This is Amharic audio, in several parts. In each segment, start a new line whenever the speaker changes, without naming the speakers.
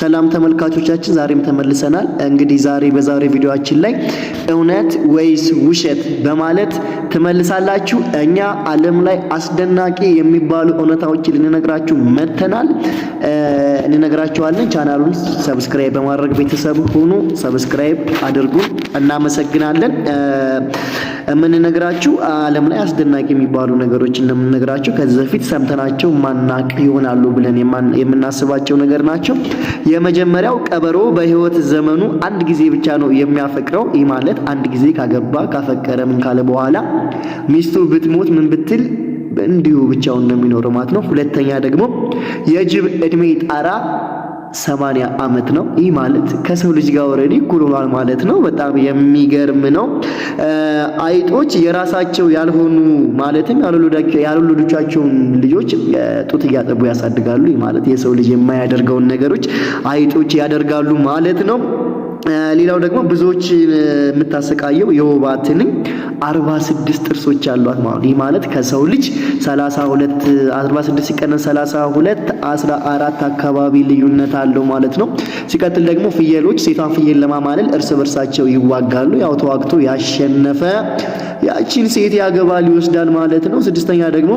ሰላም ተመልካቾቻችን፣ ዛሬም ተመልሰናል። እንግዲህ ዛሬ በዛሬ ቪዲዮአችን ላይ እውነት ወይስ ውሸት በማለት ትመልሳላችሁ። እኛ ዓለም ላይ አስደናቂ የሚባሉ እውነታዎችን ልንነግራችሁ መተናል፣ እንነግራችኋለን። ቻናሉን ሰብስክራይብ በማድረግ ቤተሰብ ሁኑ። ሰብስክራይብ አድርጉ። እናመሰግናለን። የምንነግራችሁ ዓለም ላይ አስደናቂ የሚባሉ ነገሮች እንደምንነግራችሁ ከዚህ በፊት ሰምተናቸው ማናቅ ይሆናሉ ብለን የምናስባቸው ነገር ናቸው። የመጀመሪያው ቀበሮ በህይወት ዘመኑ አንድ ጊዜ ብቻ ነው የሚያፈቅረው። ይህ ማለት አንድ ጊዜ ካገባ ካፈቀረ ምን ካለ በኋላ ሚስቱ ብትሞት ምን ብትል እንዲሁ ብቻውን ነው የሚኖረው ማለት ነው። ሁለተኛ ደግሞ የጅብ እድሜ ጣራ ሰማንያ ዓመት ነው። ይህ ማለት ከሰው ልጅ ጋር ወረዲ እኩል ሆኗል ማለት ነው። በጣም የሚገርም ነው። አይጦች የራሳቸው ያልሆኑ ማለትም ያልወለዶቻቸውን ልጆች ጡት እያጠቡ ያሳድጋሉ። ይህ ማለት የሰው ልጅ የማያደርገውን ነገሮች አይጦች ያደርጋሉ ማለት ነው። ሌላው ደግሞ ብዙዎች የምታሰቃየው የወባ ትንኝ አርባ ስድስት ጥርሶች ማለት ይህ ማለት ከሰው ልጅ ሰላሳ ሁለት አርባ ስድስት ሲቀነስ ሰላሳ ሁለት አስራ አራት አካባቢ ልዩነት አለው ማለት ነው። ሲቀጥል ደግሞ ፍየሎች ሴቷን ፍየል ለማማለል እርስ በርሳቸው ይዋጋሉ። ያው ተዋግቶ ያሸነፈ ያቺን ሴት ያገባል ይወስዳል ማለት ነው። ስድስተኛ ደግሞ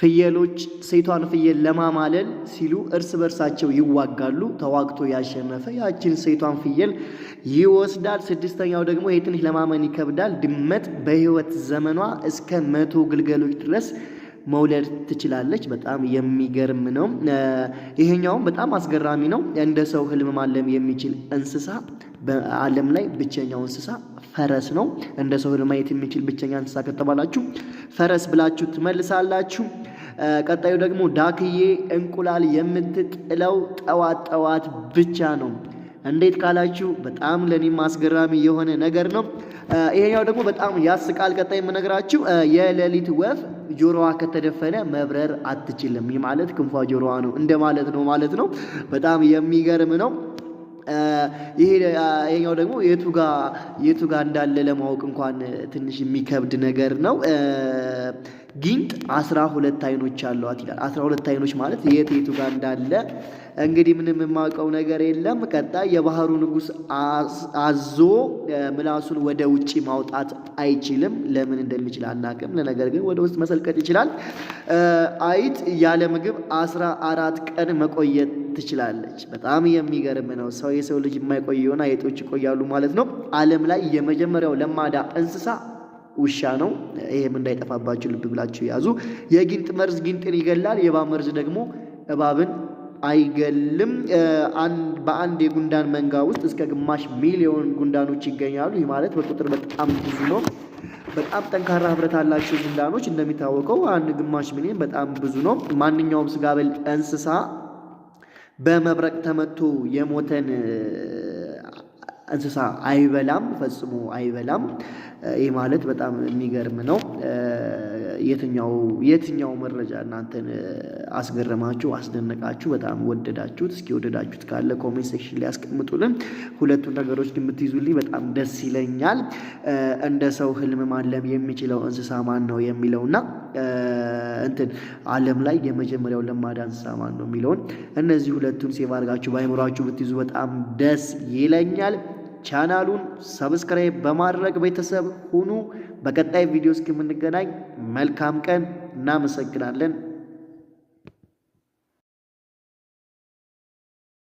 ፍየሎች ሴቷን ፍየል ለማማለል ሲሉ እርስ በርሳቸው ይዋጋሉ። ተዋግቶ ያሸነፈ ያችን ሴቷን ፍየል ይወስዳል። ስድስተኛው ደግሞ ይህ ትንሽ ለማመን ይከብዳል። ድመት በህይወት ዘመኗ እስከ መቶ ግልገሎች ድረስ መውለድ ትችላለች። በጣም የሚገርም ነው። ይሄኛውም በጣም አስገራሚ ነው። እንደ ሰው ህልም ማለም የሚችል እንስሳ በዓለም ላይ ብቸኛው እንስሳ ፈረስ ነው። እንደ ሰው ማየት የሚችል ብቸኛ እንስሳ ከተባላችሁ ፈረስ ብላችሁ ትመልሳላችሁ። ቀጣዩ ደግሞ ዳክዬ እንቁላል የምትጥለው ጠዋት ጠዋት ብቻ ነው። እንዴት ካላችሁ በጣም ለእኔም አስገራሚ የሆነ ነገር ነው። ይሄኛው ደግሞ በጣም ያስቃል። ቀጣይ የምነግራችሁ የሌሊት ወፍ ጆሮዋ ከተደፈነ መብረር አትችልም። ይህ ማለት ክንፏ ጆሮዋ ነው እንደማለት ነው ማለት ነው። በጣም የሚገርም ነው። ይሄኛው ደግሞ የቱ ጋ የቱ ጋ እንዳለ ለማወቅ እንኳን ትንሽ የሚከብድ ነገር ነው። ጊንጥ አስራ ሁለት አይኖች አሏት ይላል። አስራ ሁለት አይኖች ማለት የት የቱ ጋ እንዳለ እንግዲህ ምንም የማውቀው ነገር የለም። ቀጣይ የባህሩ ንጉስ አዞ ምላሱን ወደ ውጭ ማውጣት አይችልም። ለምን እንደሚችል አናውቅም። ለነገር ግን ወደ ውስጥ መሰልቀጥ ይችላል። አይጥ ያለ ምግብ አስራ አራት ቀን መቆየት ትችላለች። በጣም የሚገርም ነው። ሰው የሰው ልጅ የማይቆይ የሆነ አይጦች ይቆያሉ ማለት ነው። ዓለም ላይ የመጀመሪያው ለማዳ እንስሳ ውሻ ነው። ይሄም እንዳይጠፋባችሁ ልብ ብላችሁ ያዙ። የጊንጥ መርዝ ጊንጥን ይገላል። የእባብ መርዝ ደግሞ እባብን አይገልም። በአንድ የጉንዳን መንጋ ውስጥ እስከ ግማሽ ሚሊዮን ጉንዳኖች ይገኛሉ። ይህ ማለት በቁጥር በጣም ብዙ ነው። በጣም ጠንካራ ህብረት አላቸው ጉንዳኖች። እንደሚታወቀው አንድ ግማሽ ሚሊዮን በጣም ብዙ ነው። ማንኛውም ስጋ በል እንስሳ በመብረቅ ተመቶ የሞተን እንስሳ አይበላም፣ ፈጽሞ አይበላም። ይህ ማለት በጣም የሚገርም ነው። የትኛው የትኛው መረጃ እናንተን አስገረማችሁ፣ አስደነቃችሁ፣ በጣም ወደዳችሁት? እስኪ ወደዳችሁት ካለ ኮሜንት ሴክሽን ላይ ያስቀምጡልን። ሁለቱን ነገሮች ግን ብትይዙልኝ በጣም ደስ ይለኛል። እንደ ሰው ህልም ማለም የሚችለው እንስሳ ማን ነው የሚለውና እንትን አለም ላይ የመጀመሪያው ለማዳ እንስሳ ማን ነው የሚለውን እነዚህ ሁለቱን ሴቭ አድርጋችሁ ባይምሯችሁ ብትይዙ በጣም ደስ ይለኛል። ቻናሉን ሰብስክራይብ በማድረግ ቤተሰብ ሁኑ። በቀጣይ ቪዲዮ እስክምንገናኝ መልካም ቀን። እናመሰግናለን።